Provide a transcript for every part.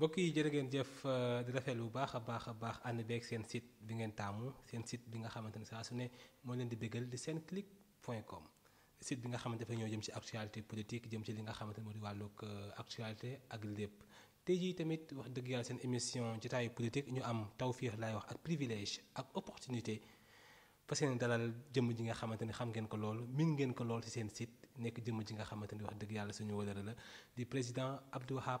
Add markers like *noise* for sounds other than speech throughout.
mbokk yi jërë ngeen jëf euh, di rafetlu bu baax a baax a baax ànd beeg seen sit bi ngeen taamu seen sit bi nga xamante ne saa su ne moo leen di bégal di senclic point com site bi nga xamante dafa ñëw jëm ci actualité politique jëm ci li nga xamante ne moo di wàllug euh, actualité ak lépp te jii tamit wax dëgg yàlla seen émission jotaayu politique ñu am tawfiix laay wax ak privilège ak opportunité parce que dalal jëmm ji nga xamante ni xam ngeen ko loolu min ngeen ko lool seen site nekk jëmm ji nga xamante ni wax dëgg yàlla suñu wëlëra la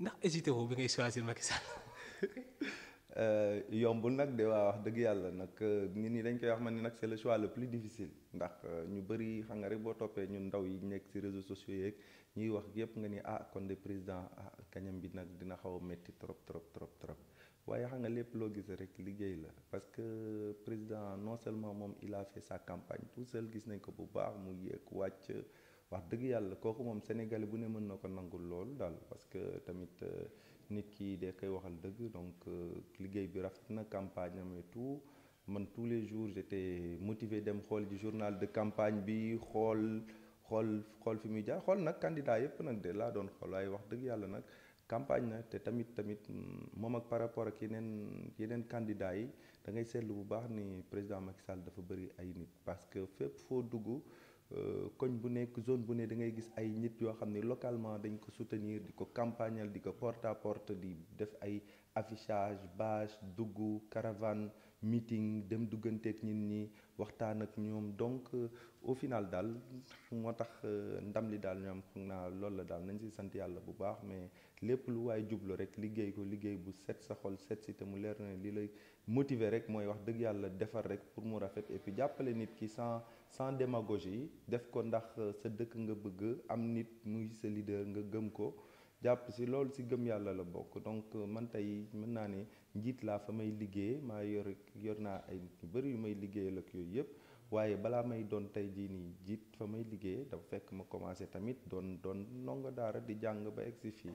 ndax hésité woo bi ngay choisir Macky Sall. Euh, yombul nag de waa wax dëgg yàlla nag euh, nit ñi dañ koy wax man ni nag c'est le choix le plus difficile ndax euh, ñu bëri xam nga rek boo toppee ñun ndaw yi nekk ci réseaux sociaux yeeg ñuy wax yépp nga ni ah kon de président ah kañam bi nag dina xaw a métti trop trop trop trop waaye xam nga lépp loo gis rek liggéey la parce que président non seulement moom il a fait sa campagne tout seul gis nañ ko bu baax mu yéeg wàcc wax dëgg yàlla kooku mom sénégalais bu né mën na ko nangul lool dal parce que tamit euh, nit ki dee koy waxal dëgg donc euh, liggéey bi rafet na campagne am et tout man tous les jours j'étais motivé dem xol di journal de campagne bi xol xol xol fi muy jaar xol nak candidat yépp nag dé la doon xol way wax dëgg yalla nak campagne na té tamit tamit mom mm, ak par rapport ak yeneen yeneen candidats yi da ngay sétlu bu baax ni président Macky Sall dafa bëri ay nit parce que fépp fo duggu euh, koñ bu nek zone bu ne da ngay gis ay nit yo xam localement dañ ko soutenir diko ko campagnal di porte à porte di def ay affichage bâche dugg caravane meeting dem dugante ak nit ñi waxtaan ak ñoom donc euh, au final dal motax euh, ndam li dal ñoom foog naa loolu la daal nañ si sant yalla bu baax mais lepp lu way jublu rek liggey ko liggey bu set sa xol set ci te mu leer na li lay motiver rek moy wax deug yalla defar rek pour mu rafet et puis jàppale nit ki sans sans yi def ko ndax sa dëkk nga bëgg am nit muy sa leader nga gëm ko jàpp si lool si gëm yàlla la bokk donc euh, man tey mën naa ne njiit laa fa may liggéey ma yore yor naa ay nit ñu bëri yu may liggéeyal ak yooyu yëpp waaye balaa may doon tey jii nii njiit fa may liggéey dafa fekk ma commencé tamit doon doon ndongo daara di jàng ba egsi fii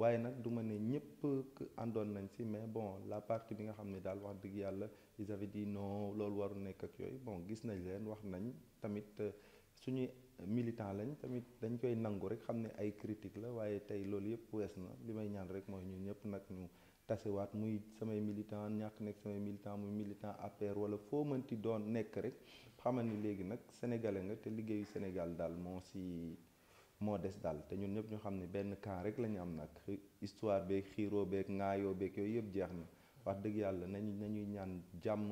waye nak du né ne ñëpp àndoon nañ ci mais bon la partie bi nga xamné dal wax dëgg yalla ils avaient dit non lool waru nekk ak yoy bon gis nañ leen wax nañ tamit euh, suñu militant lañ tamit dañ koy nangu rek xamné ay critique la waye tay lool yëpp wess na limay ñaan rek moy ñun ñëpp nak ñu tasewaat muy samay militant ñak nek samay militant muy militant APR wala fo mënti doon nekk rek xamal ni léegi nag sénégalais nga te liggéeyu Sénégal daal moo si moo des daal te ñun ñëpp ñu xam ne benn camp rek la ñu am nag histoire beeg xiiroo beeg ŋaayoo beeg yooyu yëpp jeex na wax dëgg yàlla nañu nañuy ñaan jàmm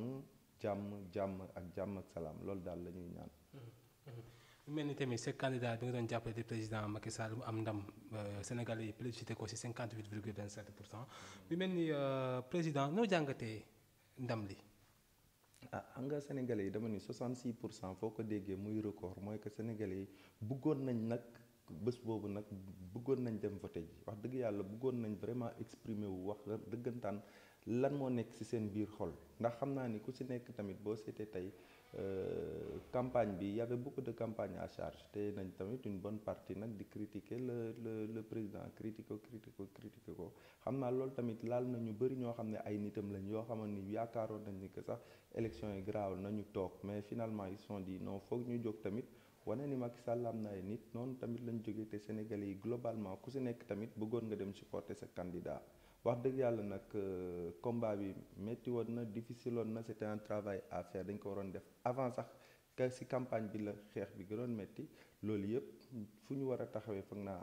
jàmm jàmm ak jàmm ak salaam loolu daal la ñuy ñaan. mu mel ni tamit sa candidat bi nga doon président Macky Sall mu am ndam euh, Sénégalais yi plébiscité ko ci 58 virgule 27 pour cent mu mel ni euh, président noo jàngatee ndam li. ah xam nga Sénégalais yi dama ni 66 pour cent foo ko déggee muy record mooy que Sénégalais yi bëggoon nañ nag. bés boobu nag bëggoon nañ dem voté ji wax dëgg yàlla bëggoon nañ vraiment exprimer wu wax dëggantaan lan moo nekk ci seen biir xol ndax xam naa ni ku ci nekk tamit boo seetee tey euh, campagne bi y avait beaucoup de campagne à charge te nañ tamit une bonne partie nag di critiquer le le le président critiquer ko critiquer ko critiquer ko xam naa loolu tamit laal na ñu bëri ñoo xam ne ay nitam lañ yoo xamoon ni yaakaaroon nañ ni que sax élection yi garaaw nañu toog mais finalement ils sont dit non foog ñu jóg tamit. wane ni mag Sall am na ay nit noonu tamit lañ jógee te sénégal yi globalement ku si nekk tamit bëggoon nga dem supporter sa candidat wax dëgg yàlla nag euh, combat bi métti woon na difficile woon na c'était un travail à dañ ko waroon def avant sax que si campagne bi la xeex bi gënoon métti loolu yëpp fu ñu war a taxawee fag naa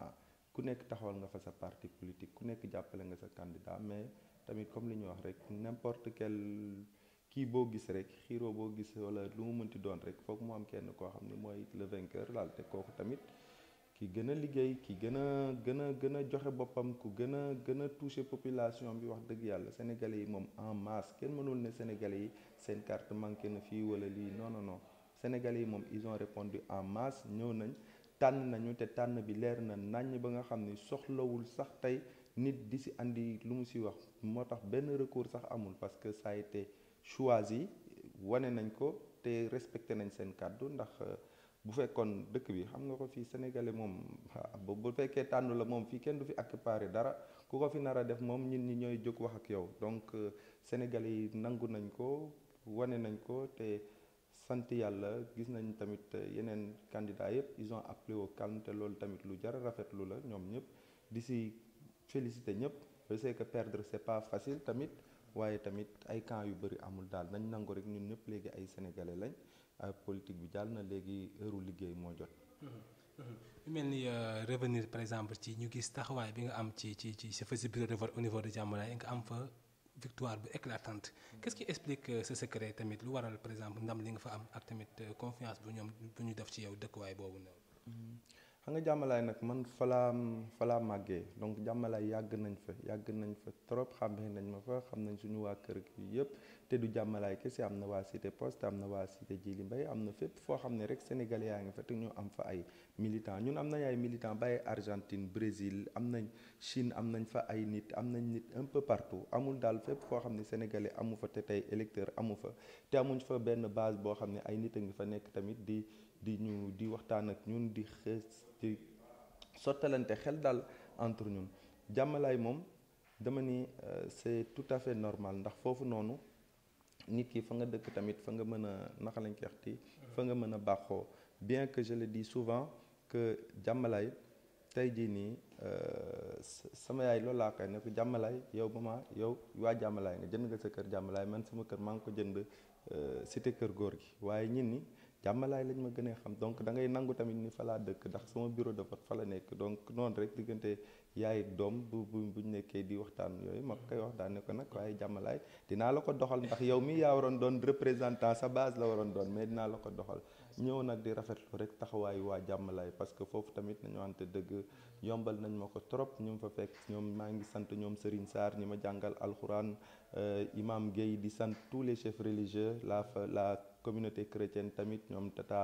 ku nekk taxawal nga fa sa parti politique ku nekk jàppale nga sa candidat mais tamit comme li ñu wax rek n'importe quel kii boo gis rek xiiroo boo gis wala lu mu mënti doon rek foog mu am kenn koo xam ne mooy le vainqueur laal te kooku tamit ki gën a liggéey ki gën a gën a gën a joxe boppam ku gën a gën a touché population bi wax dëgg yàlla sénégalais yi moom en masse kenn mënul ne sénégalais yi seen carte manqué na fii wala lii non non non sénégalais yi moom ils ont répondu en masse ñëw nañ tànn nañu te tànn bi leer na nañ ba nga xam ni soxlawul sax tey nit di si andi lu mu si wax moo tax benn recours sax amul parce que ça a été choisi wane nañ ko té respecté nañ sen cadeau ndax euh, bu fekkone dëkk bi xam nga ko fi sénégalais mom ah, bu fekkee tannu la mom fi kenn du fi accaparer dara ku ko fi nara def mom ñin ñi ñoy jóg wax ak yow donc euh, sénégalais yi nangu nañ ko wane nañ ko té sant yalla gis nañ tamit euh, yenen candidats yëpp ils ont appelé au calme té lool tamit lu jar lu la ñom ñëpp d'ici si félicité ñëpp je sais que perdre c'est pas facile tamit waaye tamit ay camps yu bëri amul daal nañ nangu rek ñun ñëpp léegi ay sénégalais lañ politique bi jàll na léegi heure liggéey moo jot. lu mel ni euh, revenir par exemple ci ñu gis taxawaay bi nga am ci ci ci sa si bureau de vote au niveau de Diamalaye nga am fa victoire bu éclatante. qu'est-ce qui explique euh, ce secret tamit lu waral par exemple ndam li nga fa am ak tamit euh, confiance bu ñoom bu ñu def ci yow dëkkuwaay boobu noonu. Mm. xam nga jàmmalaay nag man falaa falaa màggee donc jàmmalaay yàgg nañ fa yàgg nañ fa trop xàmmee nañ ma fa xam nañ suñu waa kër gi yëpp te du jàmmalaay kese am na waa Cité Poste am na waa jii Djily mbay am na fépp foo xam ne rek sénégalais yaa ngi fa te ñu am fa ay militants ñun am nañ ay militants bàyyi Argentine Brésil am nañ Chine am nañ fa ay nit am nañ nit un peu partout amul daal fépp foo xam ne sénégalais amu fa te tey électeur amu fa te amuñ fa benn base boo xam ne ay nit a ngi fa nekk tamit di. di ñu di waxtaan ak ñun di xës di sottalante xel daal entre ñun jàmmalaay moom dama ni euh, c'est tout à fait normal ndax foofu noonu nit ki fa nga dëkk tamit fa nga mën a naka lañ koy waxti fa nga mën a baaxoo bien que je di souvent que jàmmalaay tey jii nii euh, sama yaay loolu laa koy ne ko jàmmalaay yow mama yow waa jàmmalaay nga jënd nga sa kër jàmmalaay man sama kër maa ngi ko jënd euh, cité kër góor gi waaye ñin ni jàmmalaay lañ ma xam donc da ngay nangu tamit ni fala dëkk ndax sama bureau de fala fa nekk donc non rek digënté yaay dom bu bu buñ nekkee di waxtaan yooyu ma koy waxtaan ne ko nag waaye jàmmalaay la ko doxal ndax yow mi ya waron doon représentant sa base la waron doon mais dina la ko doxal ñëw nak di rafetlu rek taxaway wa jàmmalaay parce que fofu tamit nañu wante dëgg yombal nañ mako trop ñum fa fekk ñom ma ngi sant ñom Serigne sar ñima jangal alcorane euh, imam Guèye di sant tous les chefs religieux la la communauté chrétienne tamit ñom tata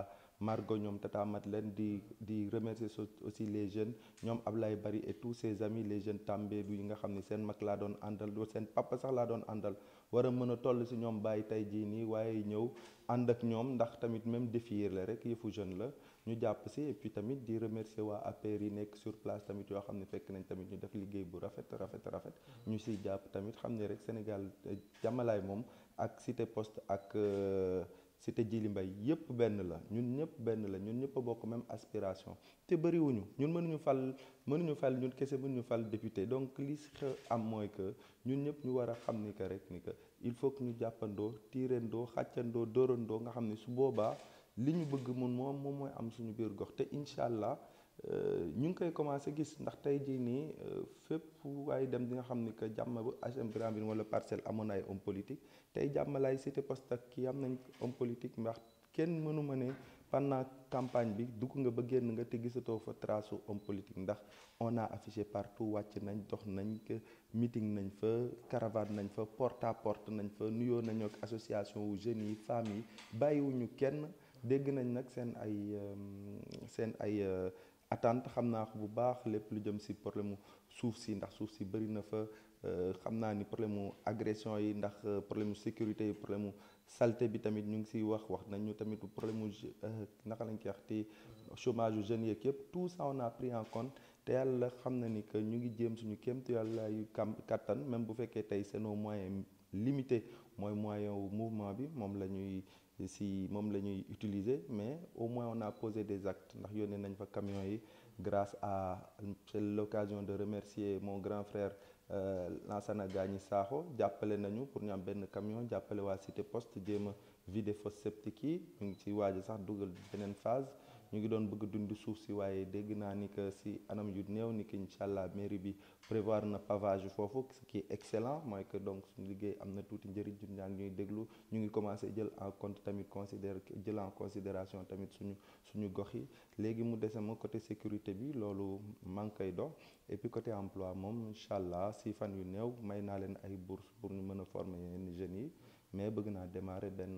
margo ñom tata Madeleine di di remercier aussi les jeunes ñom Ablaye Bari et tous ses amis les jeunes du yi nga xamni sen mak la andal do sen papa sax la doon andal wara mëna a toll si ñoom bàyyi tey jii nii waaye ak ndax tamit même défier la rek yefu jeune la ñu japp ci et puis tamit di remercier wa APR yi sur place tamit yo xamni fekk nañ tamit ñu def liggéey bu rafet rafet rafet ñu ci japp tamit xamni rek Sénégal eh, jamalay mom ak Cité Poste ak euh, te Djily mbay yëpp benn la ñun ñëpp benn la ñun ñëpp bokk même aspiration te bariwuñu ñun mënuñu fal mënuñu fal ñun kese mënuñu fal député donc li si xew am mooy que ñun ñëpp ñu war a xam ni que rek ni que il faut que ñu jàppandoo tiirandoo xàccandoo dóorandoo nga xam ne su boobaa li ñu bëgg mun moom moom mooy am suñu biir gox te incha allah. Euh, ñu ngi koy commencé gis ndax tey jii nii euh, fépp waaye dem di nga xam ni que jàmm ba HM Granville wala parcelle amoon ay homme politique tey jàmm laay cité poste ak kii am nañ homme politique ndax kenn mënu ma ne panna campagne bi dugg nga ba génn nga te gisatoo fa trace homme politique ndax on a affiché partout wàcc nañ dox nañ que meeting nañ fa caravane nañ fa porte à porte nañ fa nuyoo nañoo association wu jeunes yi femmes yi bàyyiwuñu kenn dégg nañ nag seen ay euh, seen ay. attente xam naa ko bu baax lépp lu jëm si problème mu suuf si ndax suuf si bëri na fa euh, xam naa ni problème agression yi ndax euh, problème sécurité yi problème saleté bi tamit ñu ngi siy wax wax nañu tamit problème mu euh, naka lañ koy wax te chômage yu jeunes yeeg yëpp tout ça on a pris en compte te yàlla xam na ni que ñu ngi jéem suñu kéemtu yàlla yu kam kattan même bu fekkee tey seen moyen limité mooy moyen mouvement bi moom la ñuy si mom la utilisé utiliser mais au moins on a posé des actes ndax yone nañ fa camion yi grâce à c'est l'occasion de remercier mon grand frère euh, Lansana Gagny Sakho jàppale nañu pour ñam ben camion à wa Cité Poste qui a vider fosse septique yi ci waaj sax phase ñu ngi doon bëgg dund suuf si waaye dégg naa ni que si anam yu néew ni que incha allah mairie bi prévoir na pavage foofu ce qui est excellent mooy que donc suñu liggéey am na tuuti njëriñ ñun ñaa ñuy déglu ñu ngi commencé jël en conte tamit considère jël en considération tamit suñu suñu gox yi léegi mu dese ma côté sécurité bi loolu maa ngi koy dox et puis côté emploi moom incha allah si fan yu néew may naa leen ay bourse pour ñu mën a former yenn jeunes yi mais bëgg naa démarrer benn.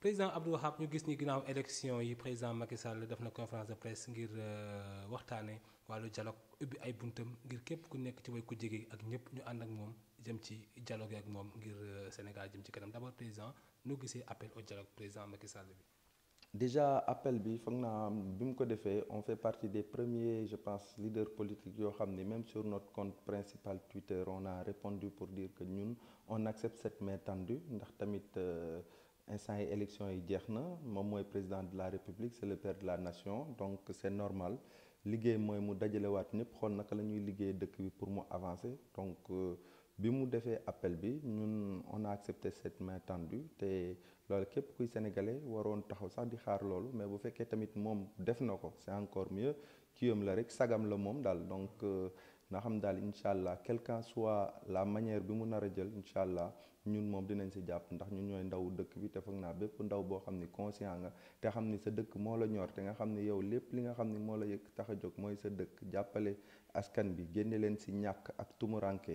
président Abdou Wahab ñu gis ni ginnaaw élection yi président Macky Sall def na conférence de presse ngir euh, waxtane walu dialogue ubbi ay buntam ngir képp ku nekk ci way ku jege ak ñëpp ñu ànd ak moom jëm ci dialogue ak moom ngir euh, Sénégal jëm ci kanam d'abord président nu gisee appel au dialogue président Macky Sall bi. déjà appel bi foog naa bi mu ko defee on fait partie des premiers je pense leaders politiques yoo xam ne même sur notre compte principal Twitter on a répondu pour dire que ñun on accepte cette main tendue ndax tamit. Euh, instant élection yi jeex na moom mooy président de la république c'est le père de la nation donc c'est normal liggéey mooy mu dajalewaat ñëpp xool naka la ñuy liggéey dëkk bi pour mu avancer donc euh, bi mu defee appel bi ñun on a accepté cette main tendue te loolu képp kuy sénégalais waroon taxaw sax di xaar loolu mais bu fekkee tamit moom def na ko c'est encore mieux kiyam la rek sagam la moom daal donc euh, na xam daal incha allah soit la manière bi mu nar a jël ñun mom dinañ ci japp ndax ñun ñoy ndaw dëkk bi te fakk na bépp ndaw bo xamni ni conscient nga te xamni ni sa dëkk mo la ñor te nga xamni ni yow lepp li nga xamni ni la yëg taxa jog moy sa dëkk jappalé askan bi génne len si ñàkk ak tumuranke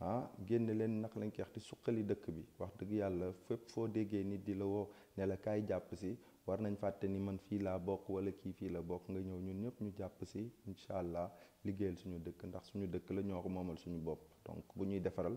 ah génne len nak lañ koy wax di suqali dëkk bi wax dëgg yalla fépp fo déggé nit di la wo né la kay japp ci war nañ faté ni man fi la bok wala ki fi la bok nga ñëw ñun ñëpp ñu japp ci inshallah allah suñu dëkk ndax suñu dëkk la ñoko momal suñu bop donc bu défaral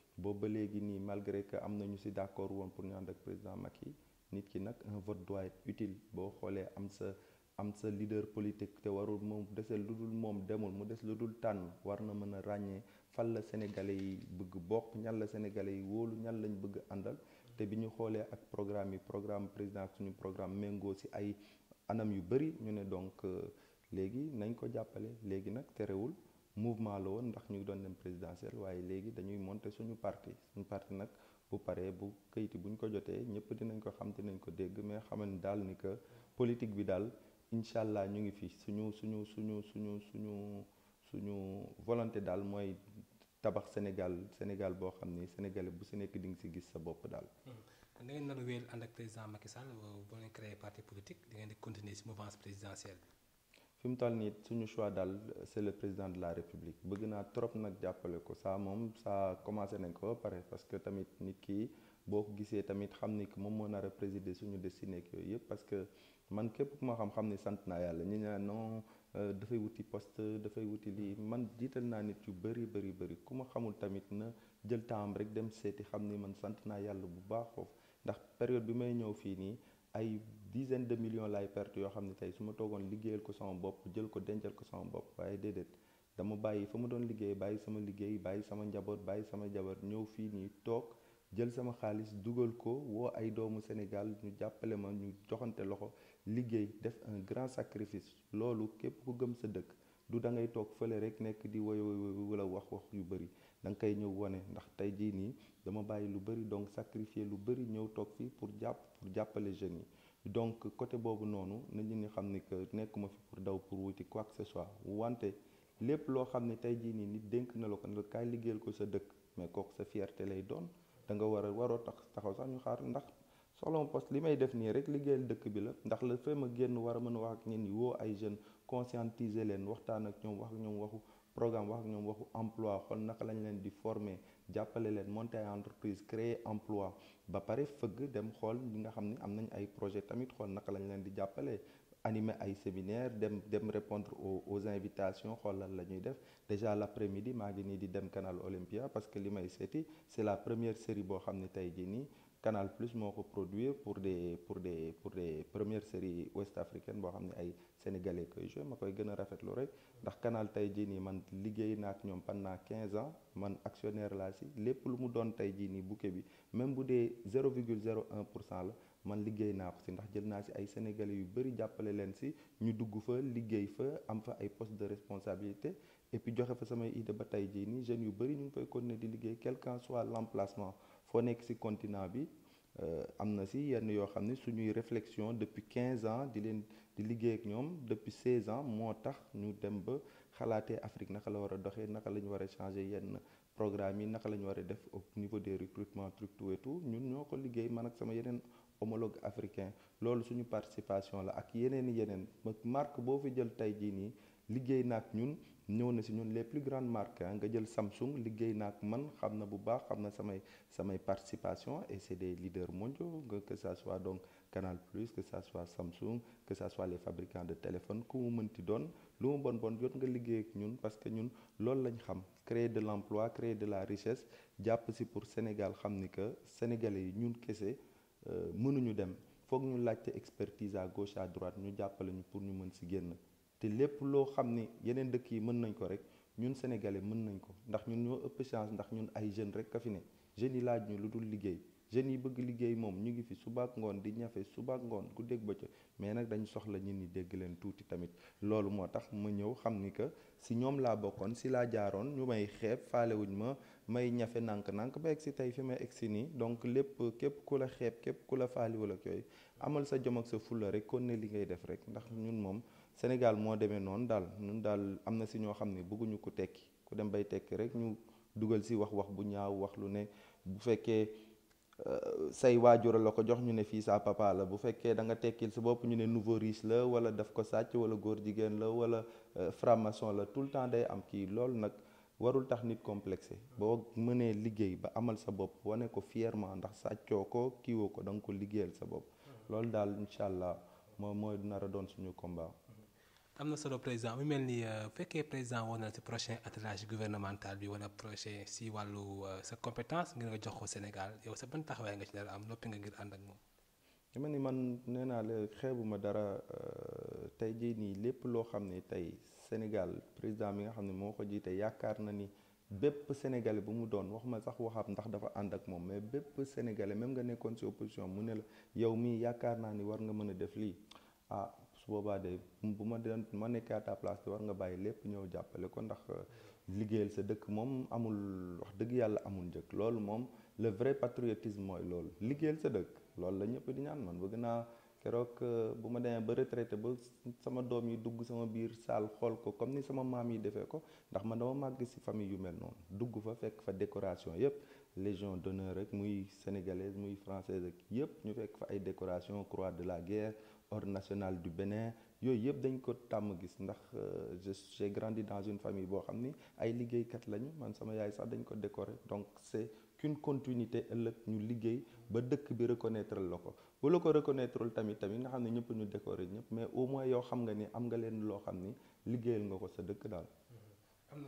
boobu ba léegi nii malgré que am na ñu si d' accord woon pour ñu ànd ak président Macky nit ki nag un vote doit être utile boo xoolee am sa am sa leader politique te warul moom dese lu dul moom demul mu des lu dul tànn war na mën a ràññee fan la sénégalais yi bëgg bokk ñan la sénégalais yi wóolu ñan lañ bëgg àndal te bi ñu xoolee ak programme yi programme président ak suñu programme méngoo si ay anam yu bëri ñu ne donc léegi nañ ko jàppale léegi nag terewul mouvement la woon ndax ñu ngi doon dem présidentielle waaye léegi dañuy monter suñu parti suñu parti nag bu paree bu kayiti buñ ko jotee ñëpp dinañ ko xam dinañ ko dégg mais xaman daal ni que politique bi daal incha allah ñu ngi fi suñu suñu suñu suñu suñu suñu volonté daal mooy tabax Sénégal Sénégal boo xam ni sénégalais bu si nekk di nga si gis sa bopp daal. Hmm. da ngeen nar a wéyal ànd ak président Macky Sall euh, boo leen créé parti politique da ngeen di continuer si mouvance présidentielle bi. fi ni suñu choix dal c'est le président de la république bëgg trop nak jappalé ko saa mom ça commencé nañ ko parce que tamit nit ki boko gissé tamit xamni ni que moom n'a nar a suñu destiné ak yooyu parce que man képp ku ma xam xamni sant na Yalla ñi ne non euh, fay wuti poste fay wuti li man jiital na nit yu bari bari bari. kuma xamul tamit na jël temps rek dem séti xamni man sant na Yalla bu baax foofu ndax période bi may ñëw fi ni ay dizaine de millions laay perte yoo xam ne tey su ma toogoon liggéeyal ko sama bopp jël ko dencal ko sama bopp waaye déedéet dama bàyyi fa ma doon liggéey bàyyi sama liggéey bàyyi sama njaboot bàyyi sama jabar ñëw fii nii toog jël sama xaalis dugal ko woo ay doomu Sénégal ñu jàppale ma ñu joxante loxo liggéey def un grand sacrifice loolu képp ku gëm sa dëkk du da ngay toog fële rek nekk di woy woy wala wax wax yu bëri dang kay koy ñëw wane ndax tey jii nii dama bayyi lu bari donc sacrifier lu bari ñëw tok fi pour japp pour jàppale jeune yi donc côté bobu noonu nañu ni xamni que nekuma fi pour daw pour wuti quoi que ce soit wanté lepp lo xamni ne tey jii nit denk na lako ko nga kaay liggéeyal ko sa dëkk mais kok sa fierté lay doon da nga war waro tax taxaw sax ñu xaar ndax solo poste limay def ni rek liggéeyal dëkk bi la ndax la fee génn war mëna mën a wax ak ñun woo ay jeune conscientiser len waxtaan ak ñom wax ñom waxu programme wax ak waxu emploi xool naka lañ leen di former jappalé leen monter entreprise créer emploi ba paré feug dem xol ñi nga xamni am nañ ay projet tamit xol naka lañ leen di jappalé animer ay séminaire dem dem répondre aux aux invitations xol lan lañuy def déjà l'après-midi ma ngi ni di dem Canal Olympia parce que li may c'est la première série bo xamni tay tey Canal Plus moko ko produire pour des pour des pour des premières séries ouest africaines bo xamni ay sénégalais koy je ma koy gën a l'oreille rek ndax canal tey jii man liggéey nak ñom ñoom pendant 15 ans man actionnaire l'a si les lu mu doon tey jii nii bouquet bi même 0,01 pour la man liggéey nak ci ndax jël na ci ay sénégalais yu bari jappalé leen ci ñu dugg fa liggéey fa am fa ay poste de responsabilité et puis joxé fa sama idée ba tey jii nii jeunes yu bari ñu ngi fay quelqu'un di liggéey quel qu'en soit l'emplacement fo nek ci continent bi euh, am na si yenn yoo xam ne suñuy réflexion depuis 15 ans di leen di liggéey ak ñoom depuis 16 ans moo tax ñu dem ba xalaatee Afrique naka la war a doxee naka la ñu war a changer yenn programme yi naka la ñu war a def au niveau des recrutements truc tout et tout ñun ñoo ko liggéey man ak sama yeneen homologue africain loolu suñu participation la ak yeneen yeneen marque boo fi jël tey jii nii liggéey na ñun. Nous na si ñun les plus grandes marques ah, nga jël Samsung liggéey na man xam na bu baax xam na samay samay participation et c'est des leaders mondiaux que ça soit donc Canal Plus que ça soit Samsung que ça soit les fabricants de téléphones ku mu mënti doon lu mu bon bon jot nga liggéey ak ñun parce que ñun loolu lañ xam créer de l'emploi, créer de la richesse jàpp si pour Sénégal xam ni que sénégalais yi ñun kese euh, mënuñu dem foog ñu laajte expertise à gauche à droite ñu jàppale ñu pour ñu mën si génn. te lépp loo xam ni yeneen dëkk yi mën nañ ko rek ñun sénégalais mën nañ ko ndax ñun ñoo ëpp chance ndax ñun ay jeunes rek ka fi ne jeunes yi laaj ñu lu dul liggéey jeunes yi bëgg liggéey moom ñu ngi fi subaak ngoon di ñafe subaak ngoon ku dégg ba ca mais nag dañ soxla ñun ñi dégg leen tuuti tamit loolu moo tax ma ñëw xam ni que si ñoom laa bokkoon si laa jaaroon ñu may xeeb faalewuñ ma may ñafe nànk-nànk ba egg si tey fi ma egg si nii donc lépp képp ku la xeeb képp ku la faaliwul ak yooyu amal sa jom sa fulla rek kon ne li ngay def rek ndax ñun moom Sénégal moo demee noonu daal ñun daal am na si ñoo xam ne bëgguñu ko tekki ku dem bay tekki rek ñu dugal si wax wax bu ñaaw wax lu ne bu fekkee euh, say waajur la ko jox ñu ne fii sa papa la bu fekkee danga nga tekkil sa bopp ñu ne nouveau riche la wala daf ko sàcc wala góor jigéen la wala euh, franc la tout le temps day am kii loolu nag warul tax nit complexé boo mënee liggéey ba amal sa bopp wane ko fièrement ndax sàccoo ko kiiwoo ko da ko liggéeyal sa bopp mm-hmm. allah moom mooy doon suñu combat. am na solo président mu mel ni euh, fekkee président woon na ci prochain attelage gouvernemental bi wala prochain si wàllu euh, sa compétence ngir nga jox ko Sénégal yow sa ban taxawaay nga ci dara am noppi nga ngir ànd ak moom. dama ni man nee naa la xeebuma dara euh, tey jii nii lépp loo xam ne tey Sénégal président bi nga xam ne moo ko jiite yaakaar na ni. bépp sénégalais bu mu doon wax ma sax waxam ndax dafa ànd ak moom mais bépp sénégalais même nga nekkoon ci opposition mu ne la yow mii yaakaar naa ni war nga mën a def lii ah su boobaa de bu ma doon ma nekkee à ta place war nga bàyyi lépp ñëw jàppale ko ndax euh, liggéeyal sa dëkk moom amul wax dëgg yàlla amul njëkk loolu moom le vrai patriotisme mooy loolu liggéeyal sa dëkk loolu la ñëpp di ñaan man bëgg naa keroog euh, bu ma demee ba retraité ba sama doom yi dugg sama biir saal xool ko comme ni sama maam yi defee ko ndax man dama màgg ci famille yu mel noonu dugg fa fekk fa décoration yépp légion d'honneur rek muy sénégalaise muy française ak yépp ñu fekk fa ay décoration croix de la guerre Or national du Bénin yooyu yëpp dañ ko tàmm gis ndax euh, j'ai grandi dans une famille boo xam ni ay liggéeykat lañu man sama yaay sax dañ ko décorer donc c'est qu'une continuité ëllëg ñu liggéey ba dëkk bi reconnaître la ko bu la ko reconnaître tamit tamit nga xam ne ñëpp ñu décorer ñëpp mais au moins yow xam nga ni am nga leen loo xam ni liggéeyal nga ko sa dëkk daal. am na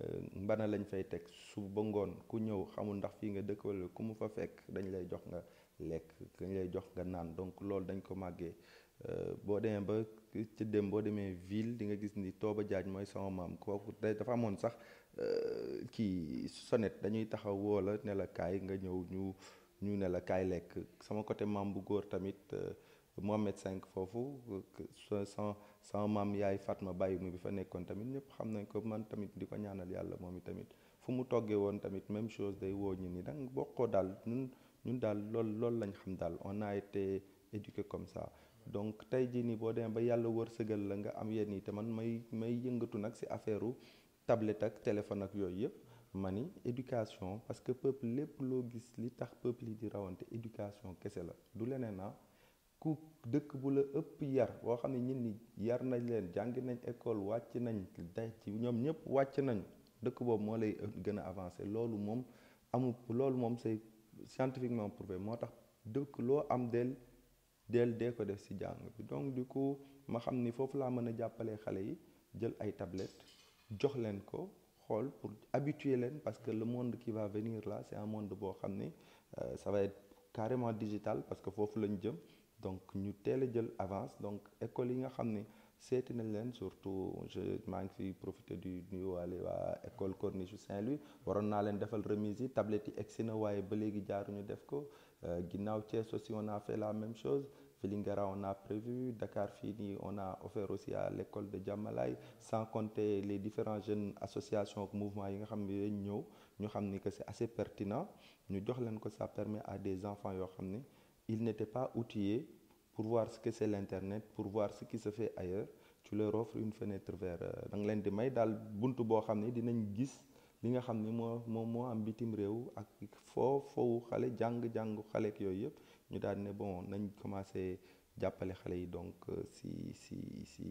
Euh, mbana lañ fay teg su ba ngoon ku ñëw xamul ndax fii nga dëkk wala ku mu fa fekk dañu lay jox nga lekk dañ lay jox nga naan donc loolu dañ ko màggee euh, boo demee ba ci dem boo demee ville di nga gis ni Tooba Jaaj mooy sama maam kooku dafa amoon sax euh, kii sonnette dañuy taxaw woo la ne la kaay nga ñëw ñu ñu ne la kaay lekk sama côté maam bu góor tamit Mohamed Cinq fofu sans sans maam yaay Fatma Baye mu bi fa nekkoon tamit ñep xam nañ ko man tamit diko ñaanal yalla momi tamit fu mu tamit même chose day wo ñu ni danga bokkoo d'al ñun ñun dal lool lool lañ xam dal on a été éduqué comme ça donc tey jii nii boo demee ba yalla wërsegal la nga am yenn te man may may yëngatu nak ci affaire u tablette ak téléphone ak yoy yëpp mani éducation parce que peuple lepp lo gis li tax peuple di rawante éducation kese la du leneen ah ku dëkk bu la ëpp yar boo xam ne ñit ñi yar nañ leen jàngi nañ école wàcc nañ day ci ñoom ñëpp wàcc nañ dëkk boobu moo lay gën a avancé loolu moom amu loolu moom c'est scientifiquement prouvé moo tax dëkk loo am del del dee ko def si jàng bi donc du coup ma xam ni foofu laa mën a jàppalee xale yi jël ay tablettes jox leen ko xool pour habituer leen parce que le monde qui va venir là c'est un monde boo xam ni euh, ça va être carrément digital parce que foofu lañ jëm donc ñu teel jël avance donc école yi nga xam ne seeti nañ leen surtout je maa ngi fi profité du nuyuwaale waa école Corniche Saint-Louis waroon naa leen defal remise yi tablette yi egsi na waaye ba léegi jaaruñu def ko euh, ginnaaw Thiès aussi on a fait la même chose Vélingara on a prévu Dakar fini on a offert aussi à l'école de Diamalaye sans compter les différents jeunes associations ou mouvements yi nga xam ne ñu que c'est assez pertinent ñu jox leen ko ça permet à des enfants yoo xam ils n'étaient pas outillés pour voir ce que c'est l'internet pour voir ce qui se fait ailleurs tu leur offres une fenêtre vers Donc, l'un des di may le buntu boo xam ne dinañ gis li nga xam ne moo moom moo am bitim réew ak foo foowu xale jàng-jàngu ak yooyu ñu daal ne bon nañ commencé jàppale xale yi donc euh, si si si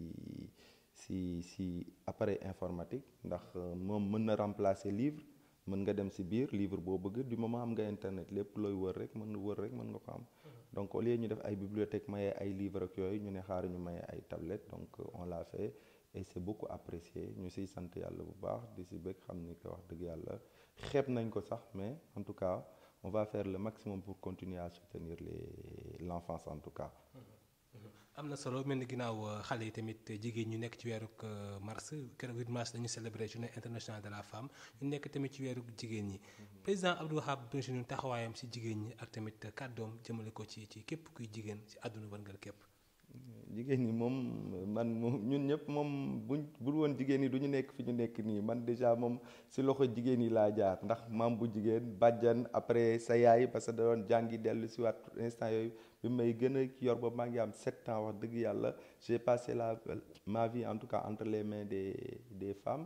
si si appareil informatique ndax euh, moom mën na remplacer livres mën nga dem ci biir livre boo bëgg du moment am nga internet lépp looy wër rek mën wër rek mën nga ko am mhm. donc au lieu ñu def ay bibliothèque maye ay livre ak yooyu ñu ne xaar ñu maye ay tablette donc on l'a fait et c'est beaucoup apprécié ñu siy sant yàlla bu baax di si bëgg xam ni ko wax dëgg yàlla xeeb nañ ko sax mais en tout cas on va faire le maximum pour continuer à soutenir les l'enfance en tout cas mhm. am na solo mel ni ginnaaw euh, xale yi tamit jigéen ñu nekk ci weerug euh, mars keroog 8 mars dañu célébrer journée internationale de la femme ñu nekk tamit ci weerug jigéen ñi mm-hmm. président Abdou Wahab Dounge ñun taxawaayam si jigéen ñi ak tamit kàddoom jëmale ko ci ci képp kuy jigéen ci àdduna wërngal képp jigéen ñi moom man ñun ñëpp moom buñ bul woon jigéen yi du ñu nekk fi ñu nekk nii man déjà moom si loxo jigéen yi laa jaar ndax maam bu jigéen bàjjan après sa yaay parce que da doon jàngi dellu si waat instant yooyu bi may gën yor ba maa ngi am sept ans wax dëgg yàlla j'ai passé la ma vie en tout cas entre les mains des des femmes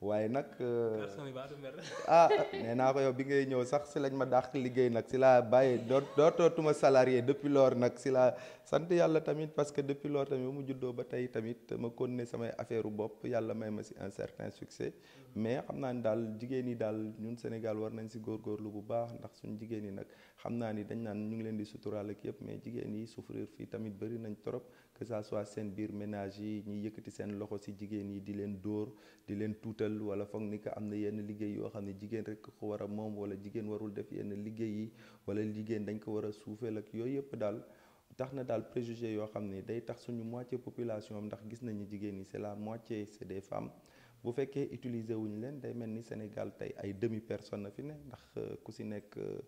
waaye nag. Euh, *laughs* ah nee naa ko yow bi ngay ñëw sax si lañ ma dàq liggéey nag si laa bàyyi doo dootootuma salarié depuis lors nag si laa sant yàlla tamit parce que depuis lors tamit ba mu juddoo ba tey tamit ma continuer samay affaire bopp yàlla may ma si un certain succès. Mm-hmm. mais xam naa ni daal jigéen ñi daal ñun Sénégal war nañ si góor góorlu bu baax ndax suñu jigéen ñi nag. xam naa ni dañ naan ñu ngi leen di suturaal ak yëpp mais jigéen yi souffrir fii tamit bëri nañ trop que ça soit seen biir ménage yi ñuy yëkkati seen loxo si jigéen yi di leen dóor di leen tuutal wala foog ni que am na yenn liggéey yoo xam ne jigéen rek ko war a moom wala jigéen warul def yenn liggéey yi wala jigéen dañ ko war a suufeel ak yooyu yëpp daal tax na daal préjugé yoo xam ne day tax suñu moitié population ndax gis nañu jigéen yi c'est la moitié c'est des femmes bu fekkee utiliser wuñu leen day mel ni Sénégal tey ay demi personne fi ne ndax euh, ku si nekk euh,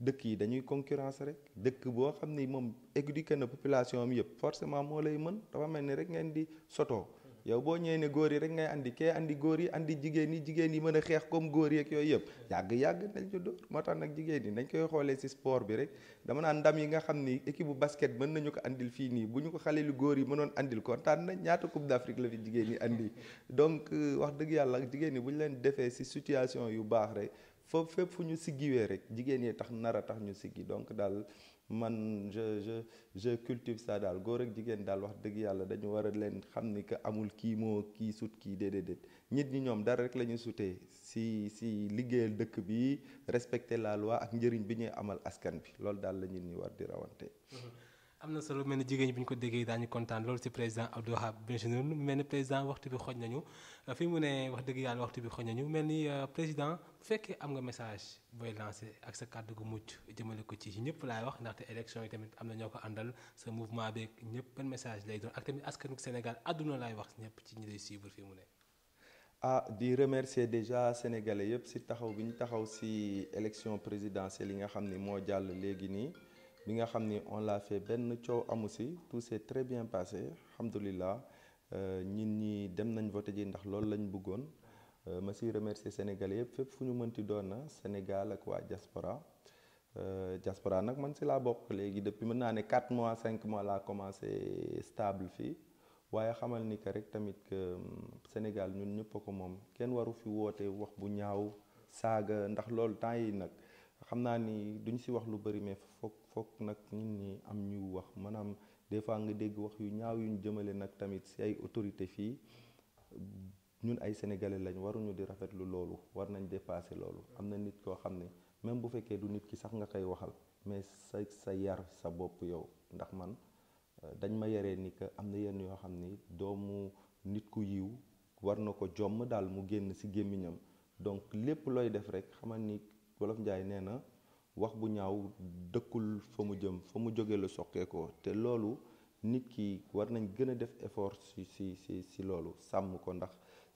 dëkk yi dañuy concurrence rek dëkk boo xam ni moom éduqué na population am yëpp forcément moo lay mën dafa mel ni rek ngeen di sotoo yow boo ñëwee ne góor yi rek ngay andi kee andi góor yi andi jigéen yi jigéen yi mën a xeex comme góor yeeg yooyu yëpp yàgg-yàgg nañ ci dóor moo tax nag jigéen yi nañ koy xoolee si sport bi rek dama naan ndam yi nga xam ni équipe bu basket mën nañu ko andil fii nii bu ñu ko xale lu góor yi mënoon andil kontaan na ñaata coupe d' afrique la fi jigéen yi andi donc euh, wax dëgg yàlla jigéen yi bu ñu leen defee si situation yu baax rek foofu fépp fu ñu siggiwee rek jigéen yee tax nar a tax ñu siggi donc daal man je je je cultive ça daal góor ak jigéen daal wax dëgg yàlla dañu war a leen xam ni que amul kii moo kii sut kii déedéet déet nit ñi ñoom dara rek la ñu sutee si si liggéeyal dëkk bi respecter la loi ak njëriñ bi ñuy amal askan bi loolu daal lañu nit war di rawante mm-hmm. amna solo mel ni jigéen ñi bu ñu ko déggee daañu kontaan loolu ci président Abdou Wahab Bengelloune mu mel ni président waxtu bi xoj nañu fi mu ne wax dëgg yàlla waxtu bi xoj nañu mel ni euh, président bu fekkee am nga message booy lancé ak sa kàddu gu mucc jëmale ko ci ñëpp laay wax ndaxte élection yi tamit am na ñoo ko àndal sa mouvement beeg ñëpp benn message lay doon ak tamit askanu Sénégal àdduna laay wax ñëpp ci ñi lay suivre fi mu ne. ah di remercier déjà sénégalais yëpp ci taxaw bi ñu taxaw ci élection présidentielle yi nga xam ni moo jàll léegi nii bi nga xamni on l'a fait ben ciow amusi tout s'est très bien passé alhamdulilah euh, ñin ñi dem nañ voté ji ndax loolu lañ bëggoon euh, ma siy remercier Sénégalais yëpp fépp fu ñu mënti doon Sénégal ak waa diaspora euh, diaspora nag man si laa bokk léegi depuis mën naa ne 4 mois 5 mois laa commencé stable fii waaye xamal ni que rek tamit que mm, Sénégal ñun ñëpp ko moom kenn waru fi woote wax bu ñaaw saaga ndax loolu temps yi nag xam naa ni duñ si wax lu bëri mais foog kok nak nit ñi am ñu wax manam des fois nga dégg wax yu ñaaw jëmele nak tamit ci ay autorité fi ñun ay sénégalais lañ waruñu di rafetlu loolu war nañ dépasser loolu am nit ko xamné même bu fekkee du nit ki sax nga koy waxal mais sa sa yar sa bopp yow ndax man euh, dañ ma yaree ni que am yenn yo xamné doomu nit ku yiw war na ko jom mu génn si gémmiñam donc lépp looy def rek xamal ni wolof njaay nee na wax bu ñaaw dëkkul fa mu jëm fa mu jóge la soqee ko te loolu nit ki war nañ gën a def effort si si si si loolu sàmm ko ndax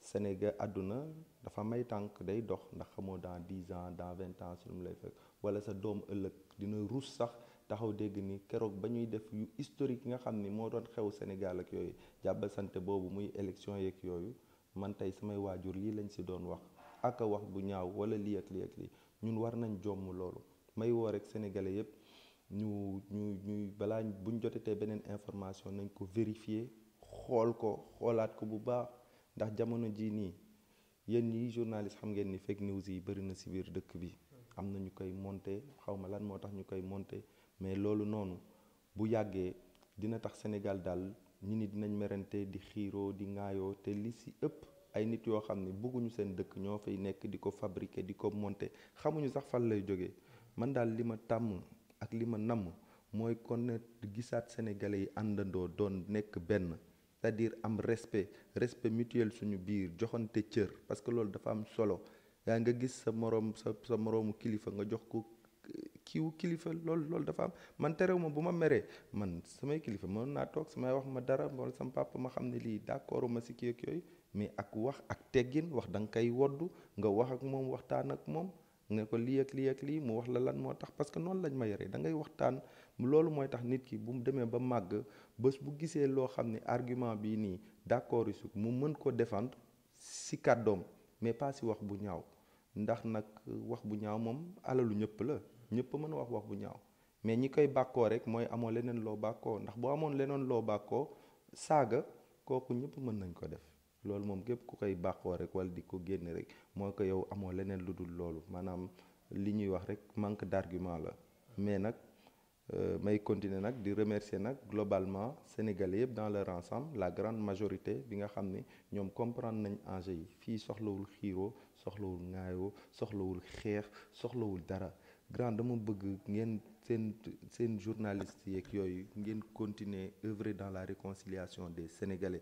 Sénégal àdduna dafa may tànk day dox ndax xamoo dans dix ans dans vingt ans si lu mu lay fekk wala sa doom ëllëg dina ruus sax taxaw dégg ni keroog ba ñuy def yu historique nga xam ni moo doon xew Sénégal ak yooyu jàbbal sante boobu muy élection yeeg yooyu man tey samay waajur lii lañ si doon wax ak wax bu ñaaw wala lii ak lii ñun war nañ jomm loolu may woo rek sénégalais yëpp ñu ñu ñuy balaa bu ñu jotatee beneen information nañ ko vérifier xool ko xoolaat ko bu baax ndax jamono ji nii yéen ñi journaliste xam ngeen ni fake news yi bëri na si biir dëkk bi am na ñu koy monter xaw ma lan moo tax ñu koy monter mais loolu noonu bu yàggee dina tax Sénégal daal ñi ni dinañ merante di xiiroo di ŋaayoo te li si ëpp ay nit yoo xam ne bëgguñu seen dëkk ñoo fay nekk di ko fabriquer di ko monter xamuñu sax fan lay jógee man daal li ma tàmm ak li ma namm mooy kon ne gisaat sénégalais yi àndandoo doon nekk benn c'est-à-dire am respect respect mutuel suñu biir joxante cër parce que loolu dafa am solo yaa nga gis sa morom sa sa moroomu kilifa nga jox ko kiw kilifa loolu loolu dafa am man terew ma bu ma meree man samay kilifa mënoon naa toog samay wax ma dara wala sam papa ma xam ne lii ma si kii ak yooyu mais ak wax ak teggin wax da nga woddu nga wax ak moom waxtaan ak moom nga ko lii ak lii ak lii mu wax la lan moo tax parce que noonu lañ ma yore da ngay waxtaan loolu mooy tax nit ki bu mu demee ba màgg bés bu gisee loo xam ne argument bii nii d'accord su mu mën ko défendre si kàddoom mais pas si wax bu ñaaw ndax nag wax bu ñaaw moom alalu ñëpp la ñëpp mën a wax wax bu ñaaw mais ñi koy bàkkoo rek mooy amoo leneen loo bàkkoo ndax boo amoon leneen loo bàkkoo saaga kooku ñëpp mën nañ ko def loolu moom képp ku koy bàqoo rek wala di ko génne rek moo ko yow amoo leneen lu dul loolu maanaam li ñuy wax rek manque d'argument la mais nag euh, may continuer nag di remercier nag globalement sénégalais yëpp dans leur ensemble la grande majorité bi nga xam ne ñoom comprendre nañ enjeu yi fii soxlawul xiiroo soxlawul ŋaayoo soxlawul xeex soxlawul dara grand dama bëgg ngeen seen seen journaliste yeeg yooyu ngeen continuer œuvrer dans la réconciliation des sénégalais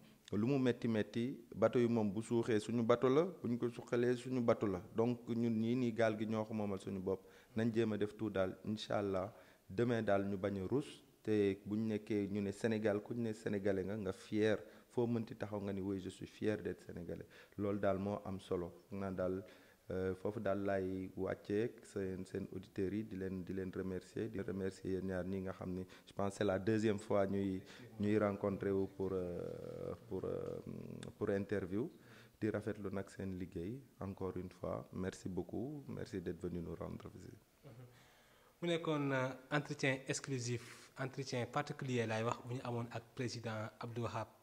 lu mu métti métti bato yi moom bu suuxee suñu bato la bu ñu ko suqalee suñu bato la donc ñun nii nii gaal gi ñoo ko moomal suñu bopp nañ jéem a def tout daal incha allah demee daal ñu bañ a ruus te bu ñu nekkee ñu ne Sénégal ku ñu ne sénégalais nga nga fier foo mënti taxaw nga ni oui je suis fier d'être sénégalais loolu daal moo am solo naa daal. Euh, fofu dal lay wàcceeg sen sen auditeurs yi di len di len remercier di remercier ñaar ñi nga xamni je pense c'est la deuxième fois ñuy ñuy rencontrer wu pour euh, pour euh, pour interview di rafetlu nak sen liguey encore une fois merci beaucoup merci d'être venu nous rendre visite. mu nekkoon entretien exclusif entretien particulier lay wax bu ñu amoon ak président Abdou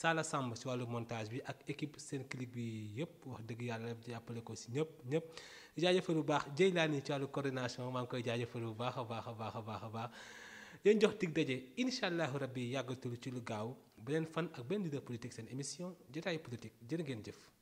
Sala Samba ci walu montage bi ak équipe Senclic bi yëpp wax dëgg yàlla jàppale ko si ñëpp ñëpp jaajëfal bu baax Jeylaani ci walu coordination maa ngi koy jaajëfal bu baax a baax a baax a baax a baax leen jox dig daje incha allahu rabbi yàggatul ci lu gaaw beneen fan ak benn leader politique seen émission jotaay politique jërë ngeen jëf